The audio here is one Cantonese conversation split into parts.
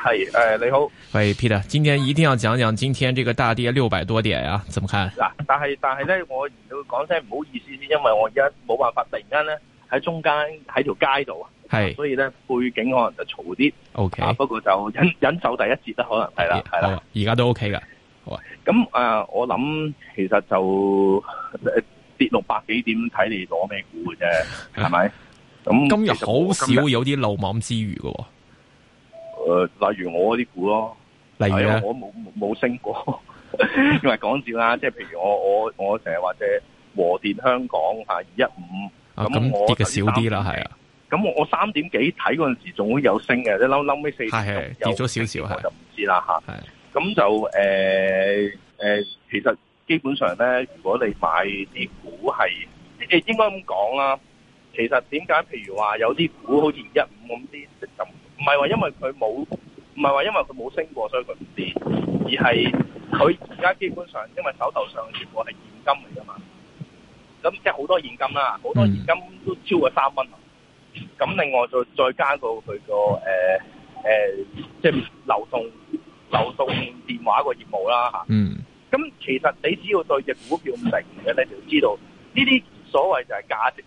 係誒、呃，你好。喂，Peter，今天一定要講講今天這個大跌六百多點啊，怎麼看？嗱，但係但係咧，我要講聲唔好意思，因為我而家冇辦法突然間咧喺中間喺條街度啊，係，所以咧背景可能就嘈啲。O、okay. K，、啊、不過就忍忍受第一節啦，可能係啦，係啦。而家都 O K 噶。好啊。咁、嗯呃、我諗其實就、呃、跌六百幾點睇嚟攞咩股嘅啫，係 咪？咁、嗯、今日好今天少有啲漏網之魚噶、哦。例如我嗰啲股咯，例如我冇冇、啊、升過，因為講笑啦。即係譬如我我我成日或者和電香港吓二、哦、一五，咁我跌嘅少啲啦，係啊。咁我三點幾睇嗰陣時，仲會有升嘅，即係冧冧尾四跌咗少少，我就唔知啦吓。咁就誒誒、呃呃，其實基本上咧，如果你買啲股係，即係應該咁講啦。其實點解譬如話有啲股好似二一五咁啲咁？唔係話因為佢冇，唔係話因為佢冇升過，所以佢唔知道，而係佢而家基本上因為手頭上的業務係現金嚟噶嘛，咁即係好多現金啦，好多現金都超過三蚊，咁另外再再加到佢個誒誒，即係流動流動電話個業務啦吓，嗯，咁其實你只要對隻股票唔明嘅咧，你就知道呢啲所謂就係價值。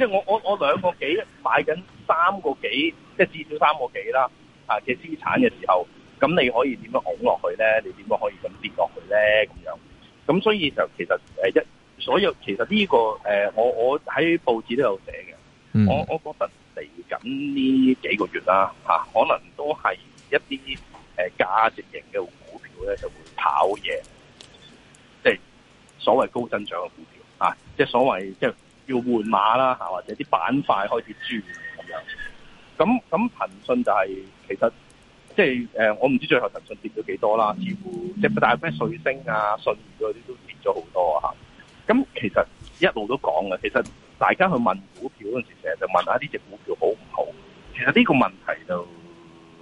即係我我我兩個幾買緊三個幾，即係至少三個幾啦，吓嘅資產嘅時候，咁你可以點樣拱落去咧？你點樣可以咁跌落去咧？咁樣，咁所以就其實誒一所有其實呢個誒我我喺報紙都有寫嘅，我我覺得嚟緊呢幾個月啦吓，可能都係一啲誒價值型嘅股票咧就會跑贏，即係所謂高增長嘅股票啊，即係所謂即係。要換馬啦吓或者啲板塊開始轉咁樣。咁咁騰訊就係、是、其實即係誒、呃，我唔知最後騰訊跌咗幾多啦，似乎即係大咩瑞聲啊、信義嗰啲都跌咗好多。咁其實一路都講嘅，其實大家去問股票嗰陣時，成日就問下呢隻股票好唔好？其實呢個問題就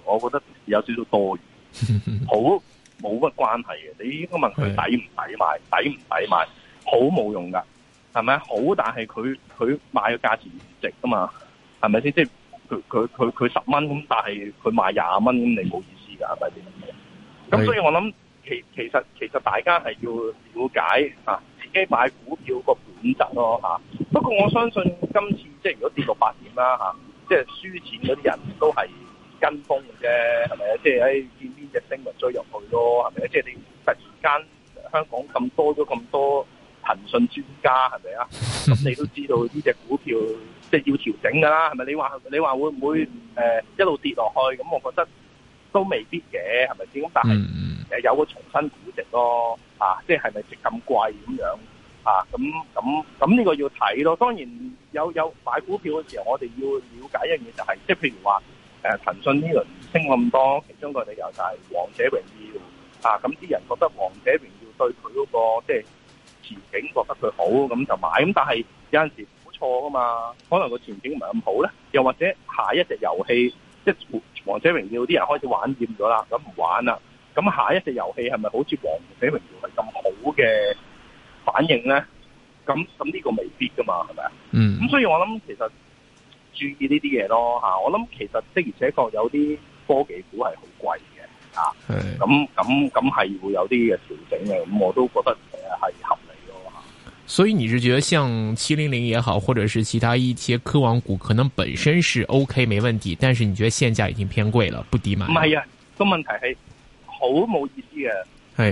我覺得有少少多餘，好冇乜關係嘅。你應該問佢抵唔抵，抵，抵買，抵唔抵買，好冇用噶。係咪好？但係佢佢買嘅價錢唔值啊嘛，係咪先？即係佢佢佢佢十蚊咁，但係佢賣廿蚊咁，你冇意思噶，係咪先？咁所以我諗，其其實其實大家係要了解啊，自己買股票個本質咯吓。不過我相信今次即係如果跌到八點啦吓，即係輸錢嗰啲人都係跟風嘅，啫。係咪啊？即係誒、哎，見邊隻升就追入去咯，係咪啊？即係你突然間香港咁多咗咁多。騰訊專家係咪啊？咁 你都知道呢隻股票即係、就是、要調整㗎啦，係咪？你話你話會唔會誒、呃、一路跌落去？咁我覺得都未必嘅，係咪先？咁但係誒有個重新估值咯，啊，即係係咪值咁貴咁樣啊？咁咁咁呢個要睇咯。當然有有買股票嘅時候，我哋要了解一樣嘢就係、是，即、就、係、是、譬如話誒、呃、騰訊呢輪升咁多，其中一個理由就係王者榮耀啊！咁啲人覺得王者榮耀對佢嗰、那個即係。就是前景覺得佢好咁就買，咁但係有陣時估錯噶嘛，可能個前景唔係咁好咧，又或者下一隻遊戲即係王者榮耀啲人開始玩厭咗啦，咁唔玩啦，咁下一隻遊戲係咪好似王者榮耀係咁好嘅反應咧？咁咁呢個未必噶嘛，係咪啊？嗯，咁所以我諗其實注意呢啲嘢咯嚇，我諗其實的而且確有啲科技股係好貴嘅啊，咁咁咁係會有啲嘅調整嘅，咁我都覺得係合理的。所以你是覺得像七零零也好，或者是其他一些科網股，可能本身是 OK，沒問題，但是你覺得現價已經偏貴了，不抵買？唔係啊，個問題係好冇意思嘅、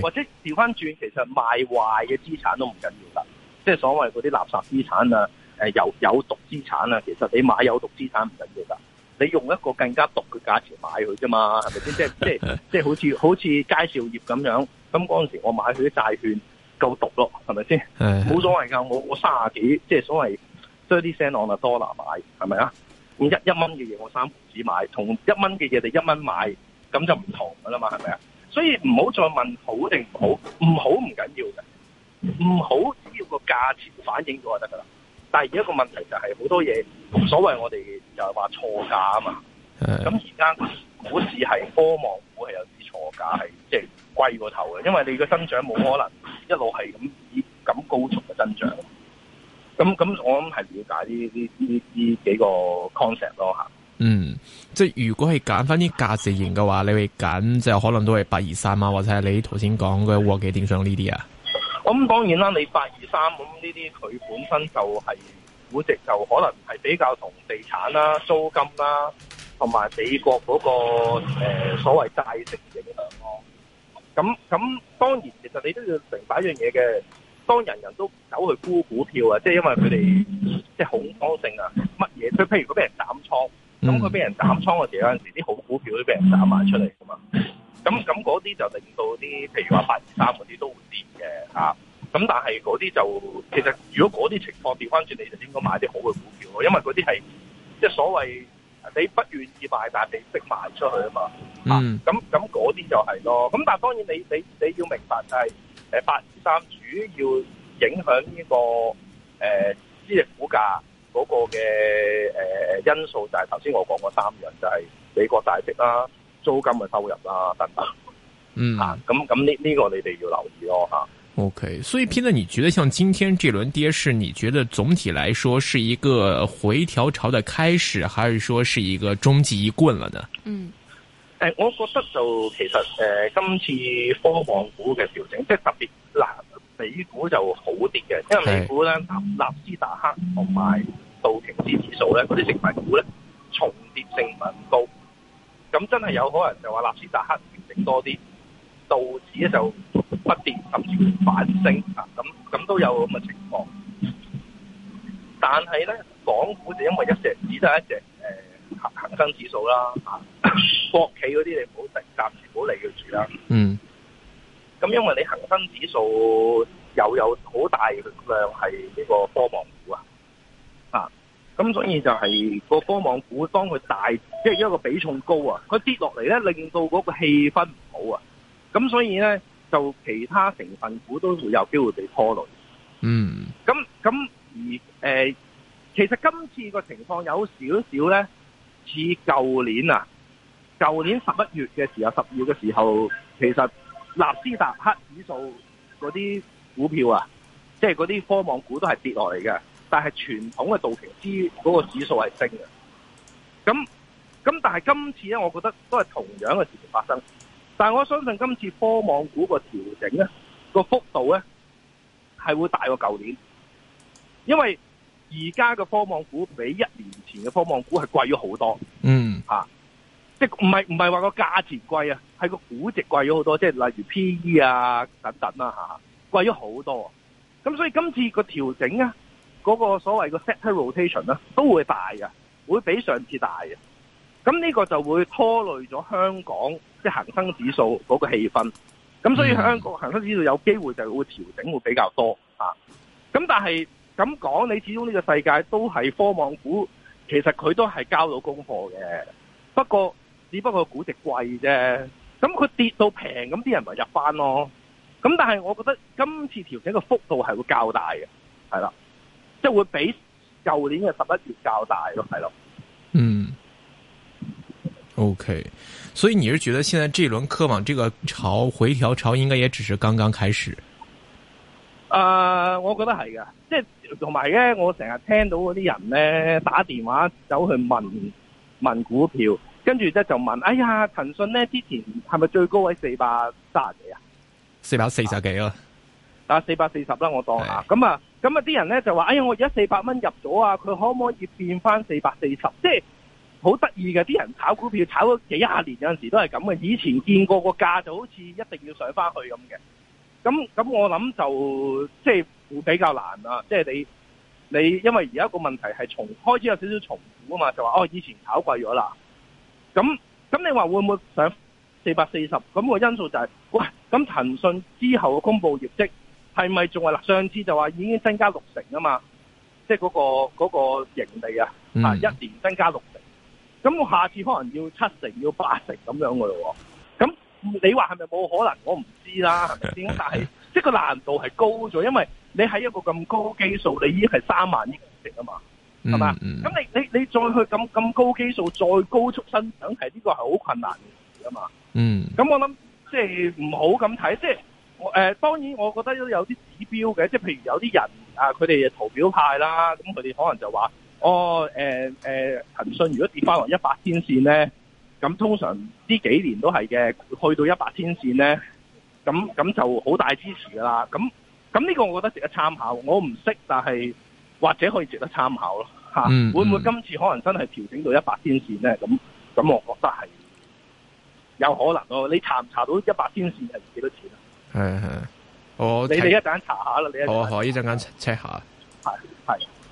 啊，或者調翻轉，其實賣壞嘅資產都唔緊要啦，即係所謂嗰啲垃圾資產啊，誒、呃、有有毒資產啊，其實你買有毒資產唔緊要噶，你用一個更加毒嘅價錢買佢啫嘛，係咪先？即係即係即係好似好似佳兆業咁樣，咁嗰陣時我買佢啲債券。夠毒咯，係咪先？冇所謂噶，我我卅幾，即係所謂，將啲錢 on 阿多拿買，係咪啊？咁一一蚊嘅嘢我三毫子買，同一蚊嘅嘢，你一蚊買，咁就唔同噶啦嘛，係咪啊？所以唔好再問好定唔好，唔好唔緊要嘅，唔好只要個價錢反映咗就得噶啦。但係而家個問題就係、是、好多嘢，所謂我哋就係話錯價啊嘛。咁而家股市係科網股，係有啲錯價，係即係。貴過頭嘅，因為你嘅增長冇可能一路係咁以咁高速嘅增長。咁咁，我諗係了解呢幾呢呢幾個 concept 咯吓。嗯，即係如果係揀翻啲價值型嘅話，你會揀就可能都係八二三啊，或者係你頭先講嘅和記電商呢啲啊。我、嗯、當然啦，你八二三咁呢啲，佢本身就係、是、估值，就可能係比較同地產啦、啊、租金啦、啊，同埋美國嗰、那個誒、呃、所謂大城影響咯。咁咁當然，其實你都要明白一樣嘢嘅，當人人都走去沽股票啊，即係因為佢哋即係恐慌性啊，乜嘢？佢譬如如果俾人斬倉，咁佢俾人斬倉嗰時候，有陣時啲好股票都俾人斬埋出嚟噶嘛。咁咁嗰啲就令到啲，譬如話八二三嗰啲都會跌嘅咁、啊、但係嗰啲就其實，如果嗰啲情況調翻轉，你就應該買啲好嘅股票咯、啊，因為嗰啲係即係所謂。你不願意賣，但係你逼賣出去啊嘛，嗯、啊咁咁嗰啲就係咯，咁但係當然你你你要明白就係誒，八二三主要影響呢、這個誒、呃、資力股價嗰個嘅誒、呃、因素就係頭先我講過三樣，就係、是、美國大息啦、租金嘅收入啦等等，嗯啊，咁咁呢呢個你哋要留意咯嚇。啊。O、okay, K，所以 Peter，你覺得像今天這輪跌勢，你覺得總體來說是一個回調潮的開始，還是說是一個終極一棍了呢？嗯，誒、呃，我覺得就其實誒、呃，今次科網股嘅調整，即係特別嗱，美股就好跌嘅，因為美股咧納斯達克同埋道瓊斯指數咧嗰啲成分股咧重疊性唔係咁高，咁真係有可能就話納斯達克調整多啲，道指咧就。嗯不跌甚至會反升啊！咁咁都有咁嘅情況，但係咧，港股就因為一隻，只得一隻誒恒恒生指數啦嚇、啊，國企嗰啲你唔好成暫時唔好理佢住啦。嗯。咁、啊、因為你恒生指數又有好大嘅量係呢個波網股啊，啊！咁所以就係個波網股當佢大，即係因為個比重高啊，佢跌落嚟咧，令到嗰個氣氛唔好啊！咁所以咧。就其他成分股都會有機會被拖累。嗯，咁咁而、呃、其實今次個情況有少少咧，似舊年啊，舊年十一月嘅時候、十二月嘅時候，其實納斯達克指數嗰啲股票啊，即係嗰啲科網股都係跌落嚟嘅，但係傳統嘅道瓊斯嗰個指數係升嘅。咁咁，但係今次咧，我覺得都係同樣嘅事情發生。但係我相信今次科網股個調整咧，個幅度咧係會大過舊年，因為而家嘅科網股比一年前嘅科網股係貴咗好多。嗯，吓、啊，即係唔係唔係話個價錢貴啊，係個估值貴咗好多，即係例如 PE 啊等等啦吓，貴咗好多。咁所以今次個調整啊，嗰、那個所謂嘅 sector rotation 啦，都會大嘅，會比上次大嘅。咁呢個就會拖累咗香港。即係恆生指數嗰個氣氛，咁所以香港恒生指數有機會就會調整，會比較多咁、嗯、但係咁講，你始終呢個世界都係科網股，其實佢都係交到功課嘅，不過只不過估值貴啫。咁、嗯、佢跌到平，咁啲人咪入翻咯。咁、嗯、但係，我覺得今次調整嘅幅度係會較大嘅，係啦，即係會比舊年嘅十一月較大咯，係咯。O、okay. K，所以你是覺得現在這輪科網這個潮回調潮應該也只是剛剛開始？啊、呃，我覺得係噶，即係同埋咧，我成日聽到嗰啲人咧打電話走去問問股票，跟住咧就問，哎呀，騰訊咧之前係咪最高位四百三十幾啊？四百四十幾咯、啊，啊，四百四十啦，我當下。」咁啊，咁啊，啲人咧就話，哎呀，我而家四百蚊入咗啊，佢可唔可以變翻四百四十？即係。好得意嘅，啲人炒股票炒咗幾廿年有陣時都係咁嘅。以前見過個價就好似一定要上翻去咁嘅。咁咁我諗就即係、就是、會比較難啦、啊。即、就、係、是、你你因為而家個問題係重開始有少少重估啊嘛，就話哦以前炒貴咗啦。咁咁你話會唔會上四百四十？咁個因素就係、是、喂，咁騰訊之後嘅公布業績係咪仲係啦？上次就話已經增加六成啊嘛，即係嗰個嗰、那個盈利啊，啊一年增加六。咁我下次可能要七成要八成咁樣噶咯喎，咁你話係咪冇可能？我唔知啦，係咪先？但係即係個難度係高咗，因為你喺一個咁高基數，你已經係三萬億咁值啊嘛，係咪啊？咁、嗯嗯、你你你再去咁咁高基數，再高速增長，係、這、呢個係好困難嘅事啊嘛。嗯。咁我諗即係唔好咁睇，即係我誒，當然我覺得都有啲指標嘅，即、就、係、是、譬如有啲人啊，佢哋圖表派啦，咁佢哋可能就話。我誒誒，騰、呃、訊、呃、如果跌翻落一百天線咧，咁通常呢幾年都係嘅，去到一百天線咧，咁咁就好大支持噶啦。咁咁呢個我覺得值得參考。我唔識，但係或者可以值得參考咯。吓、啊，嗯嗯，會唔會今次可能真係調整到一百天線咧？咁咁，我覺得係有可能咯。你查唔查到一百天線係幾多錢啊？係係，你哋一陣間查下啦。你查一好啊，好啊，一陣間 check 下。係係。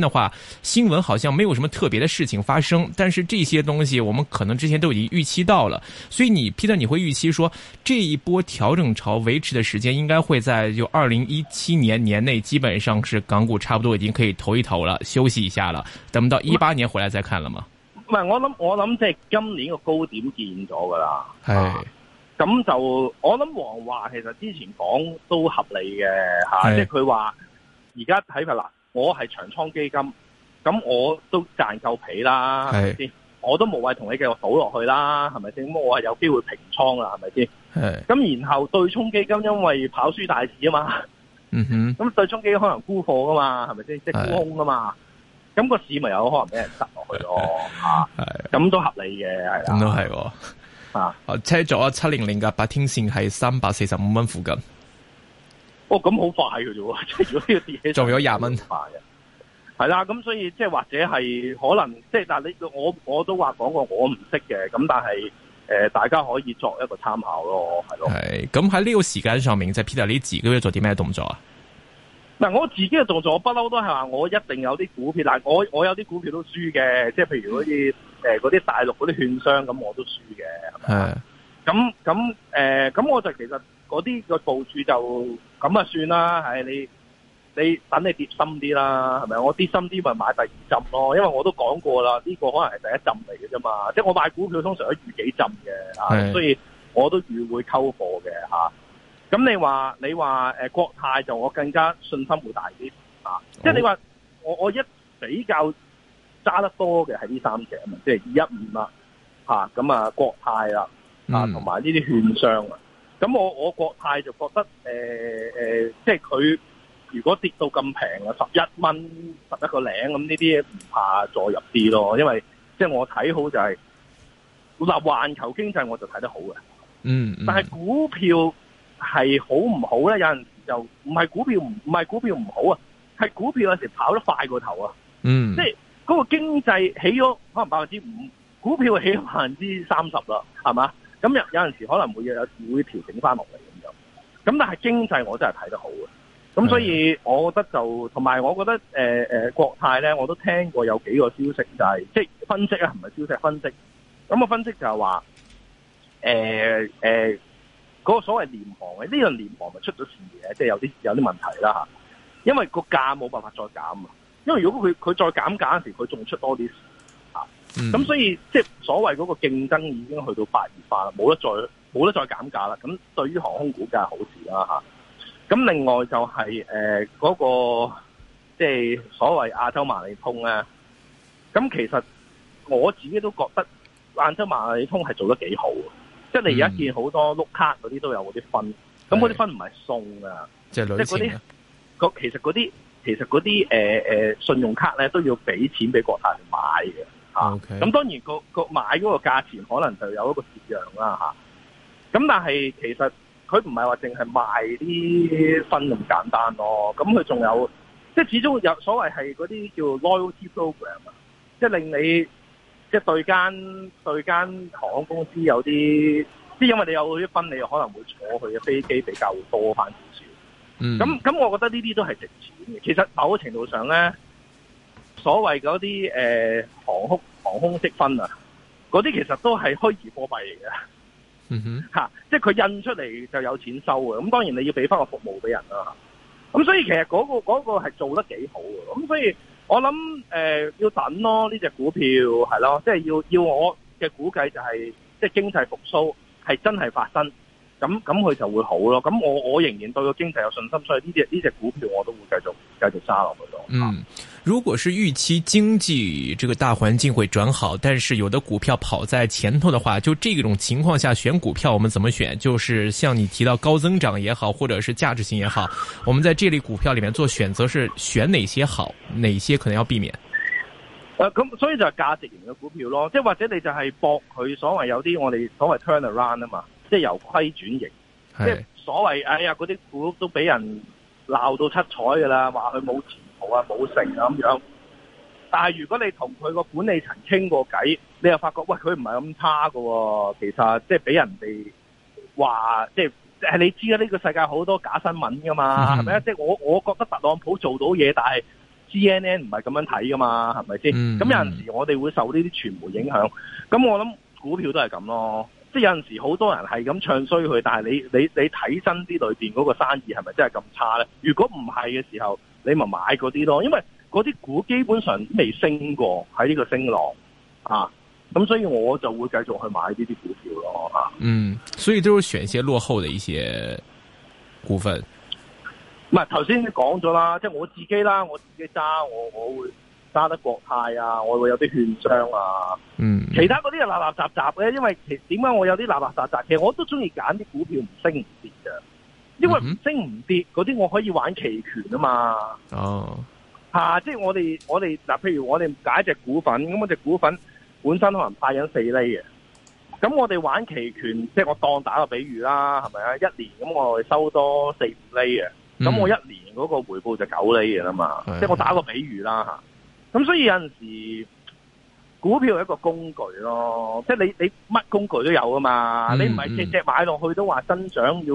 的話，新聞好像沒有什麼特別的事情發生，但是這些東西我們可能之前都已經預期到了，所以你 Peter 你會預期說，這一波調整潮維持的時間應該會在就二零一七年年內，基本上是港股差不多已經可以抖一抖了，休息一下了，等到一八年回來再看了嗎？我諗我諗即係今年個高點見咗噶啦，係、哎，咁就我諗王華其實之前講都合理嘅，吓、哎，即係佢話而家睇啦。現在在我係長倉基金，咁我都賺夠皮啦，係咪先？我都無謂同你繼續倒落去啦，係咪先？咁我係有機會平倉啦，係咪先？係。咁然後對沖基金因為跑輸大市啊嘛，嗯哼。咁對沖基金可能沽貨噶嘛，係咪先？即係沽空噶嘛。咁個市咪有可能俾人塞落去咯，吓、啊。係。咁都合理嘅，係啦、嗯。咁都係。啊，我車咗七零零嘅百天線係三百四十五蚊附近。哦，咁好快嘅啫喎！即係如果要跌起，做咗廿蚊快啊，係啦。咁所以即係或者係可能即係，但係你我我都話講過，我唔識嘅。咁但係誒、呃，大家可以作一個參考咯，係咯。係咁喺呢個時間上面，即、就、係、是、Peter 呢自己要做啲咩動作啊？嗱，我自己嘅動作，我不嬲都係話我一定有啲股票，但係我我有啲股票都輸嘅。即係譬如好似誒嗰啲大陸嗰啲券商咁，我都輸嘅。係。咁咁誒、咁、呃、我就其實嗰啲個部署就。咁啊，算啦，唉，你你等你跌深啲啦，係咪？我跌深啲咪買第二浸咯，因為我都講過啦，呢、這個可能係第一浸嚟嘅啫嘛。即係我買股票通常都預幾浸嘅，啊，所以我都預會溝貨嘅吓。咁、啊、你話你話誒、呃、國泰就我更加信心會大啲啊，即係你話我我一比較揸得多嘅係呢三隻啊，即係二一五啦吓，咁啊，啊國泰啦啊，同埋呢啲券商啊。咁我我國泰就覺得誒誒、呃呃，即係佢如果跌到咁平，十一蚊，十一個零，咁呢啲唔怕再入啲咯，因為即係我睇好就係嗱環球經濟我就睇得好嘅、嗯，嗯，但係股票係好唔好咧？有陣時就唔係股票唔唔係股票唔好啊，係股票有時跑得快過頭啊，嗯，即係嗰個經濟起咗可能百分之五，股票起咗百分之三十啦，係嘛？咁有有陣時可能會有時會調整翻落嚟咁就，咁但係經濟我真係睇得好嘅，咁所以我覺得就同埋我覺得、呃呃、國泰咧，我都聽過有幾個消息就係、是、即係分析啊，唔係消息分析，咁、嗯、個分析就係話嗰個所謂廉航嘅呢個廉航咪出咗事嘅，即、就、係、是、有啲有啲問題啦吓，因為個價冇辦法再減啊，因為如果佢佢再減價嗰時佢仲出多啲。咁、嗯、所以即係所謂嗰個競爭已經去到白熱化啦，冇得再冇得再減價啦。咁對於航空股價係好事啦、啊，吓。咁另外就係誒嗰個即係所謂亞洲萬里通啊。咁其實我自己都覺得亞洲萬里通係做得幾好、嗯，即係你而家見好多碌卡嗰啲都有嗰啲分，咁嗰啲分唔係送噶、就是，即係嗰啲其實嗰啲其實嗰啲誒誒信用卡咧都要俾錢俾國泰去買嘅。咁、okay. 當然個買嗰個價錢可能就有一個折讓啦吓咁但係其實佢唔係話淨係賣啲分咁簡單咯，咁佢仲有即係始終有所謂係嗰啲叫 loyalty program 啊，即係令你即係對間對間航空公司有啲，即係因為你有啲分，你可能會坐佢嘅飛機比較多翻少少。嗯，咁、mm. 咁我覺得呢啲都係值錢嘅，其實某程度上咧。所謂嗰啲誒航空航空積分啊，嗰啲其實都係虛擬貨幣嚟嘅。嗯哼，嚇，即係佢印出嚟就有錢收嘅。咁、嗯、當然你要俾翻個服務俾人啦、啊。咁、啊、所以其實嗰、嗰個嗰係、嗰個、做得幾好嘅。咁、啊、所以我諗誒、呃、要等咯，呢隻股票係咯，即係要要我嘅估計就係、是、即係經濟復甦係真係發生。咁咁佢就會好咯。咁我我仍然對個經濟有信心，所以呢隻呢隻股票我都會繼續繼續揸落去咯。嗯、mm. 如果是預期經濟這個大環境會轉好，但是有的股票跑在前頭的話，就這種情況下選股票，我們怎麼選？就是像你提到高增長也好，或者是價值型也好，我們在這類股票裏面做選擇是選哪些好，哪些可能要避免？呃，咁所以就係價值型嘅股票咯，即係或者你就係博佢所謂有啲我哋所謂 turnaround 啊嘛，即係由虧轉型。即係所謂哎呀嗰啲股都俾人鬧到七彩噶啦，話佢冇錢。話冇性咁樣，但係如果你同佢個管理層傾過偈，你又發覺喂佢唔係咁差噶，其實即係俾人哋話，即係，係你知啦，呢個世界好多假新聞噶嘛，係咪啊？即係，就是，我我覺得特朗普做到嘢，但係 C N N 唔係咁樣睇噶嘛，係咪先？咁、嗯、有陣時我哋會受呢啲傳媒影響，咁我諗股票都係咁咯，即，就，係，是、有陣時好多人係咁唱衰佢，但係你你你睇真啲裏邊嗰個生意係咪真係咁差咧？如果唔係嘅時候。你咪買嗰啲咯，因為嗰啲股基本上未升過喺呢個升浪啊，咁所以我就會繼續去買呢啲股票咯。嗯，所以都係選一些落後的一些股份。唔係頭先講咗啦，即係我自己啦，我自己揸我我會揸得國泰啊，我會有啲券商啊，嗯，其他嗰啲就垃垃雜雜嘅，因為其點解我有啲垃垃雜雜？其實我都中意揀啲股票唔升唔跌嘅。因為唔升唔跌嗰啲我可以玩期權嘛，oh. 啊嘛哦吓，即係我哋我哋嗱，譬如我哋解一隻股份，咁我隻股份本身可能派緊四厘嘅，咁我哋玩期權，即係我當打個比喻啦，係咪啊？一年咁我收多四五厘嘅，咁我一年嗰個回報就九厘嘅啦嘛，mm. 即係我打個比喻啦吓。咁，yeah. 啊，所以有陣時股票係一個工具咯，即係你你乜工具都有噶嘛，mm. 你唔係只隻買落去都話增長要。